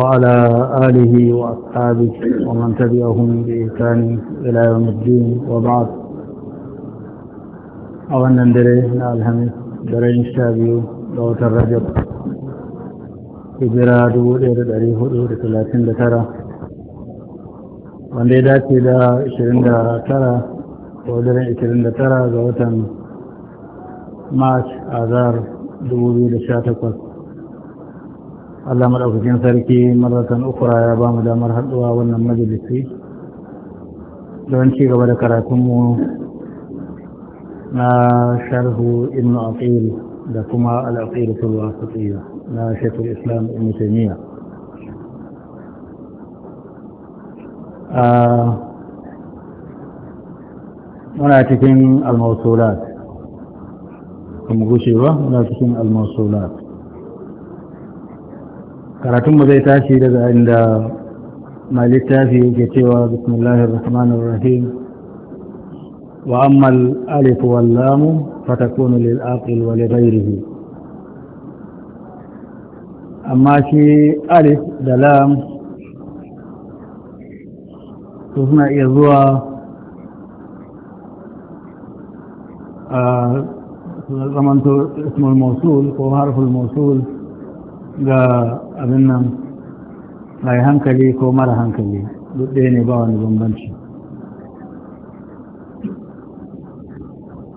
وعلى آله وأصحابه ومن تبعهم بإحسان إلى يوم الدين وبعد أولا دري الهمس درين شابيو لو الرجب hijira 1439 wanda ya dace da 29 ko daren 29 ga watan march azar 2018 Allah maɗaukakin sarki maratan ukura ya ba mu damar haɗuwa wannan majalisi don ci gaba da karatunmu na sharhu ibn aqil da kuma al'aqidatul wasatiyya na shekul islam ibn taymiya muna cikin al kuma gushewa muna cikin al karatun mu zai tashi daga inda mai littafi yake cewa bismillahir rahmanir rahim wa amma al-alif wal lam fatakunu lil aqil wa li ghayrihi amma shi alif da lam su suna iya zuwa a zamanto ismul mausul ko harful mausul ga abin nan mai hankali ko mara hankali duk ɗaya ne ba wani bambanci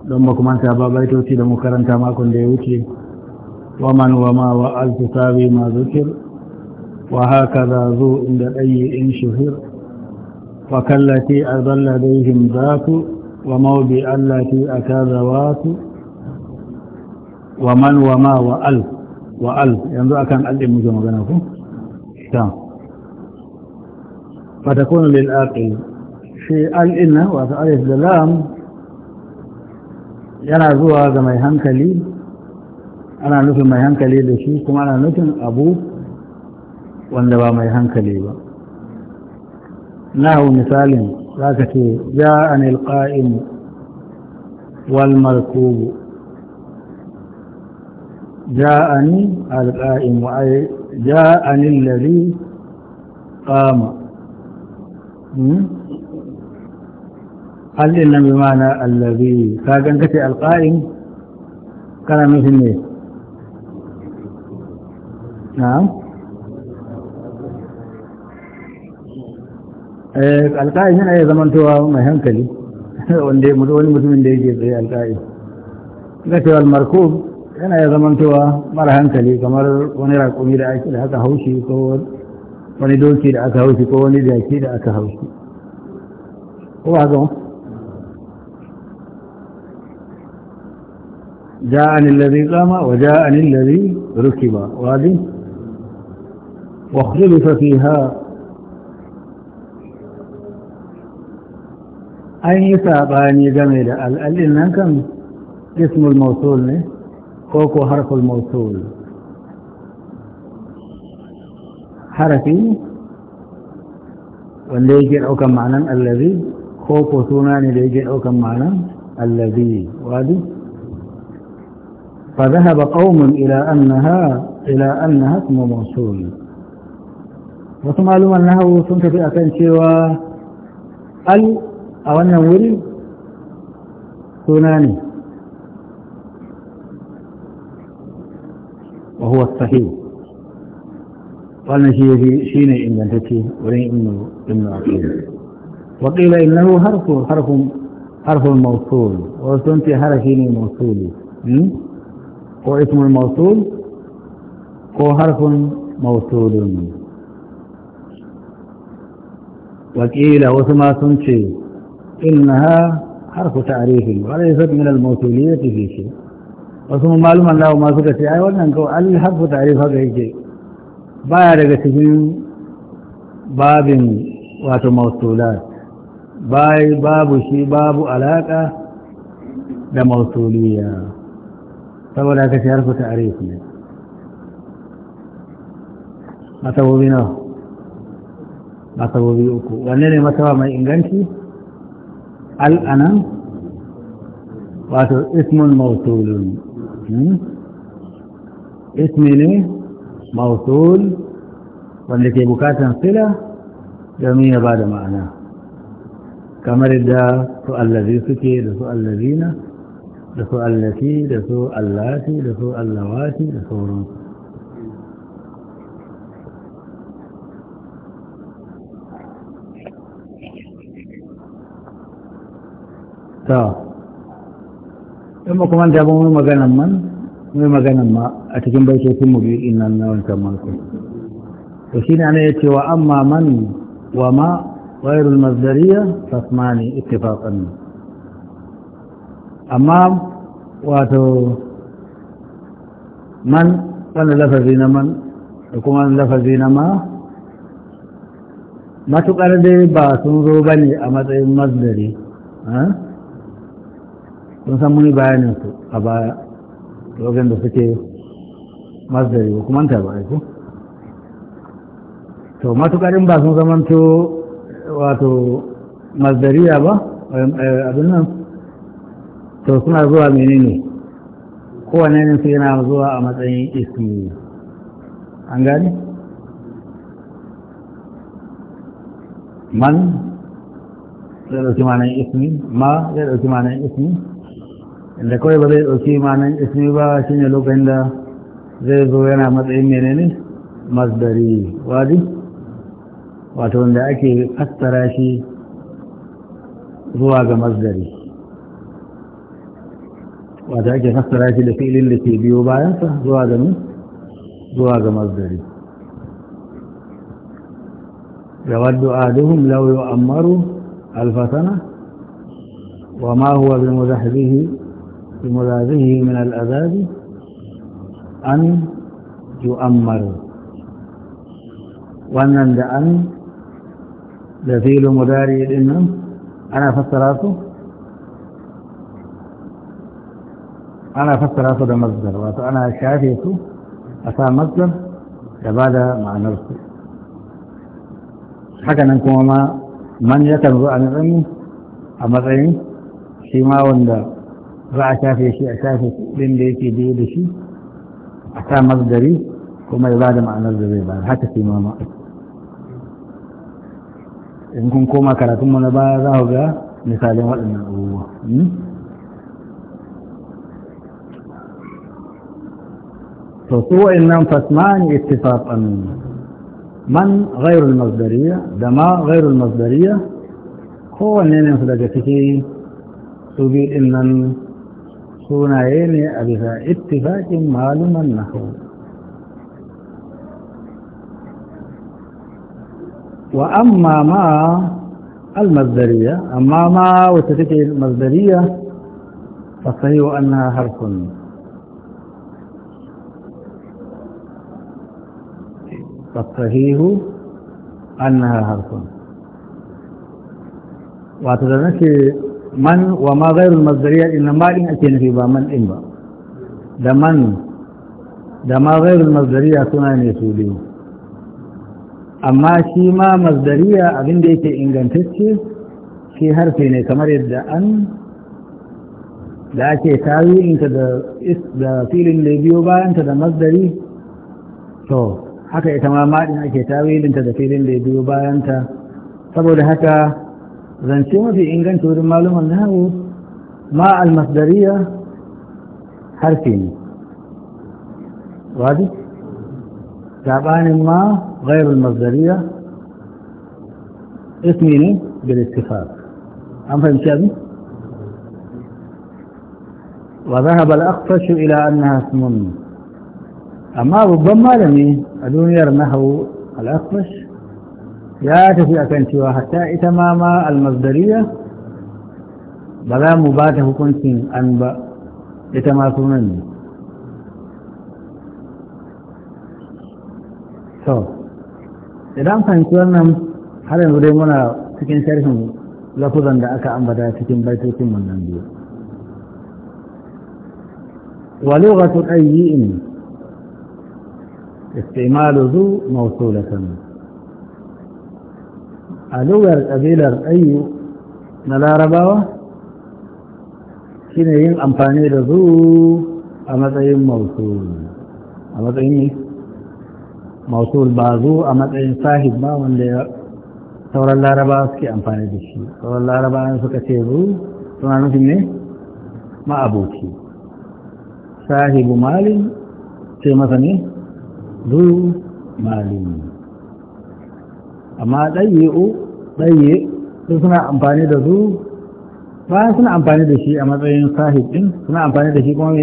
don makamanta ba baitoci da makaranta makon da ya wuce waman ma wa alfisawi ma zukir wa haka za zo inda ɗayi in shuhir wa kallati a zalla yi zaku wa maubi allafi a kaza watu waman ma wa alf wa al yanzu akan al din muke magana ku? ta fatakunu lil aqil shi al inna wa alif da lam yana zuwa ga mai hankali ana nufin mai hankali da shi kuma ana nufin abu wanda ba mai hankali ba Na hau misalin za ka ce ja anil qa'imu wal markubu جاءني القائم أي جاءني الذي قام هل إن بمعنى الذي كان كتي القائم كان مثل نعم. ايه نعم القائم هنا يا من توا ما هنكلي wanda ya mutu wani mutumin da yake tsaye yana ya zamantowa mara hankali kamar wani raƙumi da ake da aka haushi ko wani doki da aka haushi ko wani jaki da aka haushi ko ba haka جاءني الذي قام وجاءني الذي ركب وهذه واختلف فيها game da جميل nan kan ismul الموصول ne ko ko harful mausul harafi wanda yake ɗaukan ma'anan allazi ko ko suna ne da yake ɗaukan ma'anan allazi wadi fa zahaba qaumun ila annaha ila annaha ismu mausul wasu maluman nahawu sun tafi akan cewa al a wannan wuri suna ne وهو الصحيح قال نشي في شين إن ذكي ولي إن إن أقيم وقيل إنه حرف حرف حرف الموصول وسنتي حرفين الموصول هو اسم الموصول هو حرف موصول وقيل وسما سنتي إنها حرف تعريف وليست من الموصولية في شيء wasu malaman lawa ma suka ce ai wannan kawai alhafu tarif haka yake baya daga cikin babin wato mausulat bai babu shi babu alaka da mausuliya saboda ka ce harfu tarif ne matsabobi nawa matsabobi uku wanne ne matsaba mai inganci al'anan wato ismun mausulun ismi ne mausul wanda ke bukatan sila domin ya ba da ma'ana kamar da su allazi suke da su allazina da su allafi da su allati da su allawati da sauransu ta in kuma da ba mu man mu maganan ma a cikin baitocin mu biyu in nan na wancan mako to shi ne ana ya ce wa amma man wa ma wairul mazdariya tasmani ittifaqan amma wato man wannan lafazi na man da kuma lafazi na ma matuƙar dai ba sun zo ba a matsayin masdari sun san muni bayanin su a baya wajen da suke masdari ko kuma ta baya ko to matukarin ba sun zamanto wato masdariya ba eh, eh, abin nan to suna zuwa menene kowane ne su yana zuwa a matsayin ismi an gani man zai ɗauki manan ismi ma zai ɗauki manan ismi inda kawai ba zai ɗauki imanin ismi ba shi ne lokacin da zai zo yana matsayin menene masdari wadi wato wanda ake fassara shi zuwa ga masdari wato ake fassara shi da filin da ke biyo bayansa zuwa ga zuwa ga masdari يود أحدهم Ammaru Alfasana wa ma وما هو بمزحزحه لمراده من الأذاب أن يؤمر وأن عند أن لفيل مداري الإنم أنا فسراته أنا فسراته ده مصدر وأنا شافيته أصاب مصدر لبعد مع نرسل حكا وما من يتنظر عن الرمي أمرين شما وندر za a shafe shi a shafe ɗin da yake biye da shi a sa masdari kuma ya ba da ma'anar da zai ba haka sai mama in kun koma karatunmu na baya za ku ga misalin waɗannan abubuwa to su wa'annan fasmani ittifaqan man ghairu al-masdariyya da ma ghairu al-masdariyya kowanne ne su daga cikin su biyu ɗin nan هنا يعني اتفاق معلوم النحو وأما ما المصدرية أما ما وتتك المصدرية فصحيح أنها حرف فصحيح أنها حرف واتذكر man wa ma gairul mazdariya inna ma din ake nufi ba man din ba da man da ma gairul mazdariya suna ne su biyu amma shi ma mazdariya abin da yake ingantacce shi harfe ne kamar yadda an da ake tawiyinta da filin da biyo bayanta da mazdari to haka ita ma maɗin ake tawilinta da filin da biyo bayanta saboda haka رنسيما في انجلترا توري معلومة لها ما المصدرية حرفين واضح تعبان ما غير المصدرية اسميني بالاتفاق عم فهم شابي وذهب الأقفش إلى أنها اسم أما ربما لمي أدون يرنه الأقفش يا tafi akan cewa hatta ita ma ma almasdariya ba za mu ba ta hukuncin an ba ita ma sunan ne so idan fahimci wannan har yanzu dai muna cikin sharhin lafuzan da aka ambata cikin baitocin wannan biyu ولغة أيئن استعمال ذو موصولة a lugar ƙabilar ayyu na larabawa shine yin amfani da zu a matsayin mausul a matsayin mausul ba zu a matsayin sahib ba wanda ya sauran larabawa suke amfani da shi sauran larabawa suka ce zu suna nufin ne aboki sahibu malin ce masa ne zu malin amma ɗayyu. tsaye su suna amfani da su bayan suna amfani da shi a matsayin sahib suna amfani da shi kuma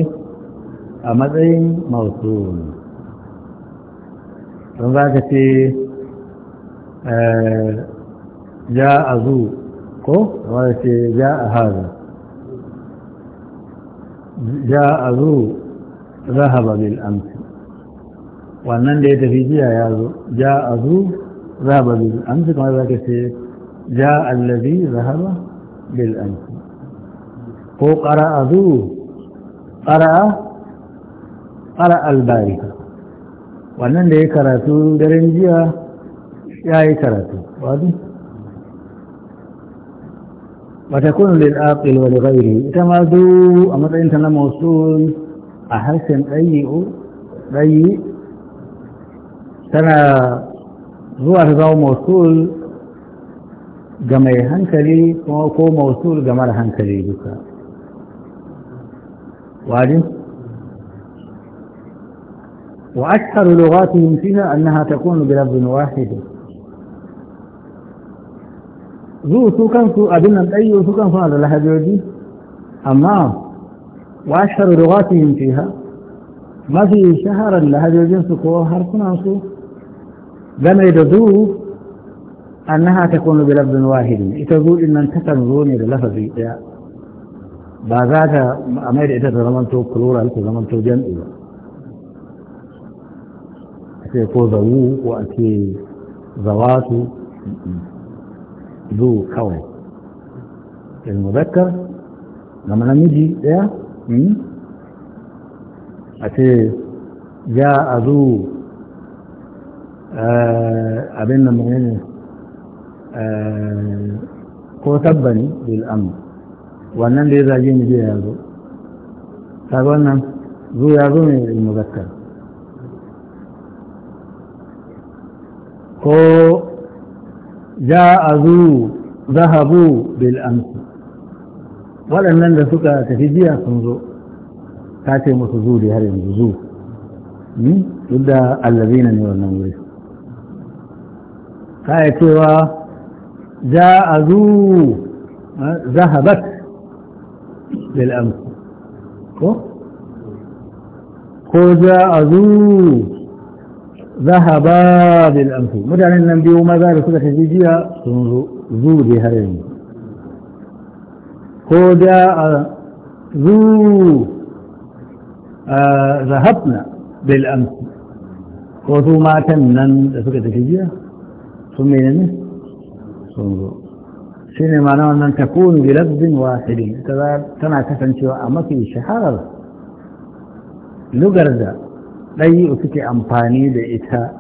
a matsayin mausul don za ka ce eh, ja a zu ko ka ce ja a haza ja a zu zahaba bil amsi wannan da ya tafi jiya ya zo ja a zu zahaba bil amsi kamar za ka ce جاء الذي ذهب بالأمس هو قرأ ذو قرأ قرأ البارحة wannan da ya karatu daren jiya ya yi karatu wadu wata kunu lil aqil wa ghairi ita ma du a matsayin ta na mausul a harshen dayi'u dayi tana zuwa ta zama mausul ga mai hankali kuma ko mausul ga mara hankali duka wajin wa aksaru lughatihim fiha annaha takunu bi rabbin wahid zuwa su kansu abin nan ɗayyo su kansu a lahajoji amma wa aksaru lughatihim fiha mafi shaharar lahajojinsu ko harsunansu game da zuhu. أنها تكون بلفظ واحد تقول إن أنت تنظوني للفظ بعضها أمير إذا تظمنتو كلورا تظمنتو جمع تقول ذوو وأكي ذوات ذو كون المذكر لما لم يجي يا أتي جاء ذو آه، أبين المغنين Eh, ko tabbani bil wannan da ya zage ni ya zo ga wannan zu ya zo ne muzakkar ko ja a zu zahabu bil waɗannan da suka tafi jiya sun zo ta ce musu zu da har yanzu zu hmm? duk da allazina ne wannan wuri yi cewa جاء ذو ذهبت للأمس قو جاء ذو ذهبا للأمس مجعل النبي وماذا لكذا خزيجية ذو ذهرين قو جاء ذو آه، ذهبنا بالأمس قو ذو ما تنن لكذا خزيجية ثم sun zo shi ne mana wannan ta kunu bi lafzin wasiri tana kasancewa a mafi shaharar lugar da ɗayi suke amfani da ita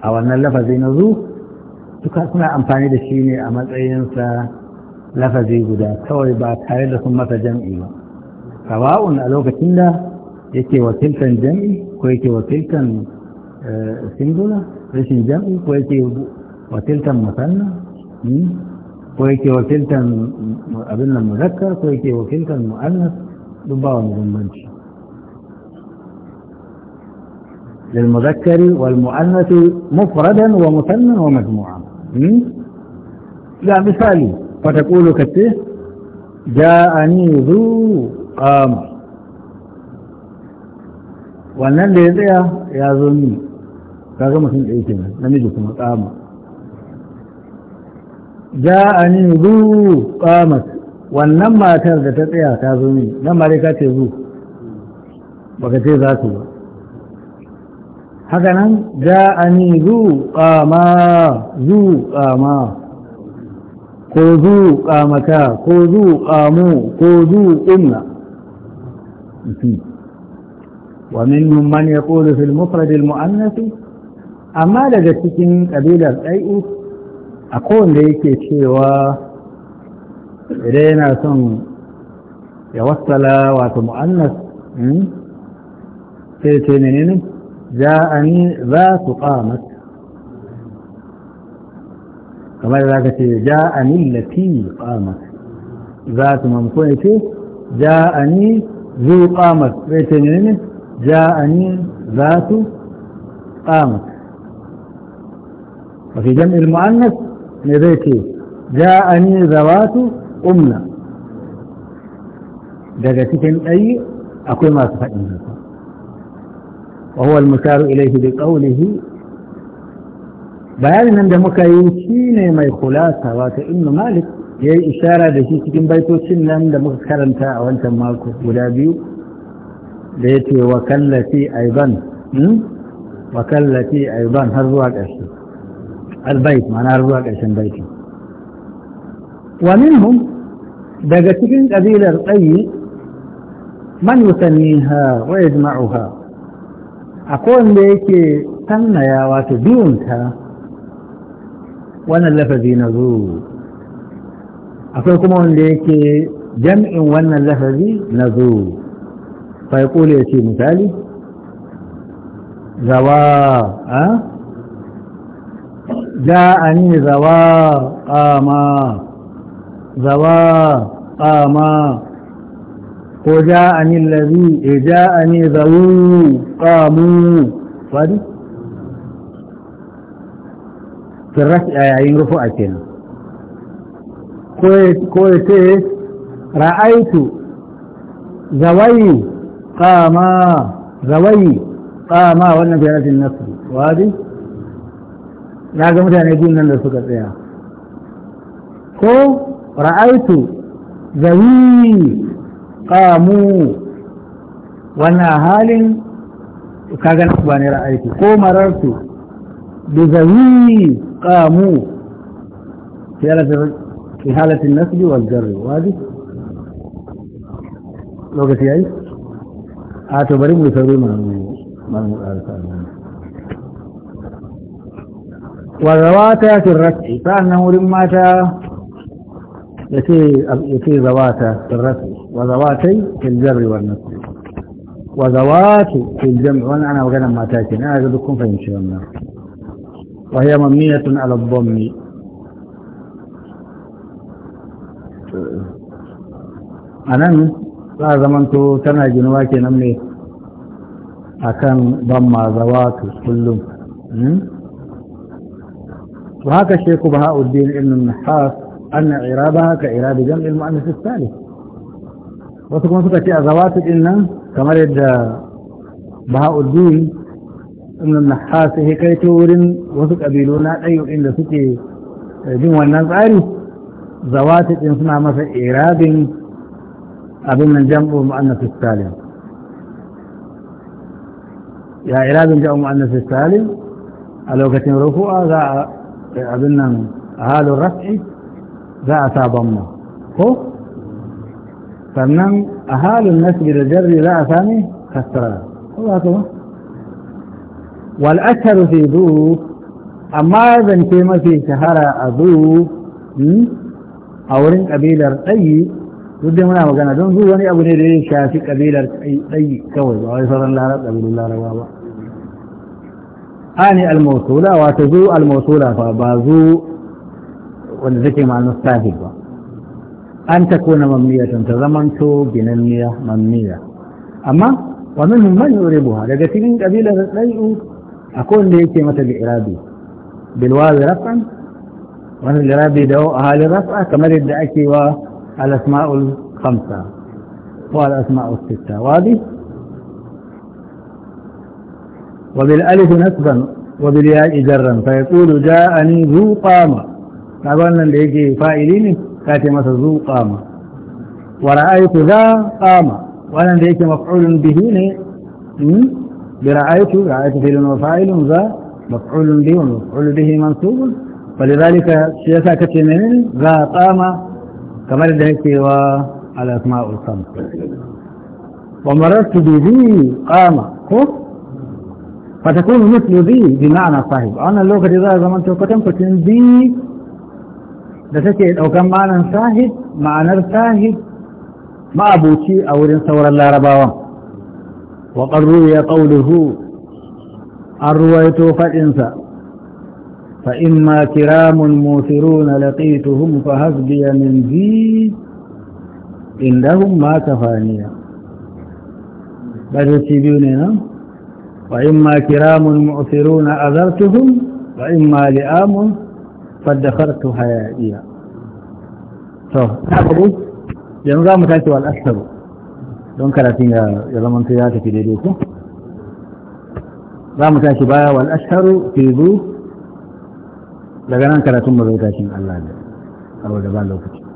a wannan lafazi na zu Suka suna amfani da shi ne a matsayinsa lafazi guda kawai ba tare da sun masa jam'i ba sawa'un a lokacin da yake wakiltan jam'i ko yake wakiltan eh, singula rashin jam'i ko yake wakiltan musanna كويتي وكلتا قبلنا المذكر كويتي وكلتا المؤنث ضبار مضمنش للمذكر والمؤنث مفردا ومثنى ومجموعا لا مثالي فتقول كتير جاءني ذو قام وانا اللي يا ذو مين رغم اي كلمه لم يجوكم قامر ja'ani zu qamat wannan matar da ta tsaya ta zo ne nan ma dai ka ce zu baka ce za su ba haka nan ja'ani zu kama, zu kama, ko zu qamata ko zu qamu ko zu umna man ya يقول في المفرد mu'annasi Amma daga cikin ƙabilar ɗai'u. a kowanda yake cewa idan yana son ya wasala wata mu'annas hmm? sai ce menene ni za su kama, kamar za ka ce ni lafi kama, za su mamko ne ce ni zu kama, sai ce ne ne za a ni za su kama, wafi جمع المؤنث ne zai ce a ja'ani zawatu umna daga cikin ɗayi akwai masu faɗin haka wa huwa al-musharu ilayhi bi qawlihi bayanin nan da muka yi shi ne mai kulasa wato ibn malik ya yi ishara da shi cikin baitocin nan da muka karanta a wancan mako guda biyu da ya ce wa kallafi aiban hmm? wa kallafi aiban har zuwa ƙarshe albayt ma'ana har zuwa ƙarshen baiti wa minhum daga cikin ƙabilar tsayi man yusanniha wa yajma'uha akwai wanda yake sannaya wato biyunta wannan lafazi na zuwa akwai kuma wanda yake jam'in wannan lafazi na zuwa fa ya ce misali gawa a جاءني زوا قاما زوا قاما وجاءني الذي جاءني ذو قاموا فادي في الرفع يعني رفع كنا كوي رأيت زوي قاما زوي قاما والنبي عليه النصر وهذه na ga mutane biyun nan da suka tsaya ko ra'aitu zawi kamu wannan halin kaga na ba ne ra'aitu ko marartu da zawi da fi halatin nasibi wal jarri wadi lokaci yayi a to bari mu sauri ma mu mu alƙalamu وذواتا في الرفع فأنه لما تا يتي ذواتا في الرفع وذواتي في الجر والنصر وذواتي في الجمع وانا انا ما تاكن انا بدكم فهمتوا النار وهي مبنية على الضم أنا لا زمنت zamanto tana نملي أكان ضم ذواتي كلهم وهكذا الشيخ بهاء الدين ابن النحاس أن عرابها كعراب جمع المؤنث الثالث وتكون سكة أزوات إن كما رد بهاء الدين ابن النحاس هي كي تورن أبيلونا أي إن ستي جمع النظاري زوات إن سنع في إعراب أبن جمع المؤنث الثالث يا إعراب جمع المؤنث الثالث a lokacin rufu'a قلنا آل الرفع ذات ضمة هو فمن أهال النسب الجر لا ثاني كسرى والأشهر في ذو أما إذا كما في شهر أذو أو رين قبيل أي ودي منا وقنا دون ذو وني أبو نيري شافي قبيل أي أي كوي وعيصرا لا رب أبو الله رواه آني الموصولة وتزو الموصولة فبازو والذكي مع المستهدف أن تكون مميه تزمنت بنمية مميه أما ومنهم من يريبها لقتلين قبيلة لا أكون ليكي مثل إرادي بالواو رفعا وأن الإرادي دو أهالي رفعا كما يدعي الأسماء الخمسة والأسماء الستة وهذه وبالالف نسبا وبالياء جرا فيقول جاءني ذو قامه كابن ده يجي فاعلي ne kace masa zu qama wa ra'aytu za qama wannan da yake maf'ulun bihi ne bi ra'aytu ra'aytu fi'lun wa fa'ilun za maf'ulun bihi wa maf'ul bihi mansub ولذلك سياسة كتنين ذا قام كما لديك والأسماء الخمس ومررت بذي قام خف فتكون مثل ذي بمعنى صاحب أنا لو إذا زمان توقتن فتن ذي لتكيد أو كان معنى صاحب معنى صاحب ما أبوتي أو لنصور الله رباوة وقد روي قوله الرواية فإنسى فإما كرام موثرون لقيتهم فهزبي من ذي إنهم ما كفانيا بدأت تبيوني نعم وإما كرام مؤثرون أذرتهم وإما لئام فادخرت حيائيا طب ينزع متاك والأكثر دون كراتين يا زمن سياسة في ديديك ذا متاك بايا والأكثر في ذو لغنان كراتين مذوكاك الله أول جبال لوكتين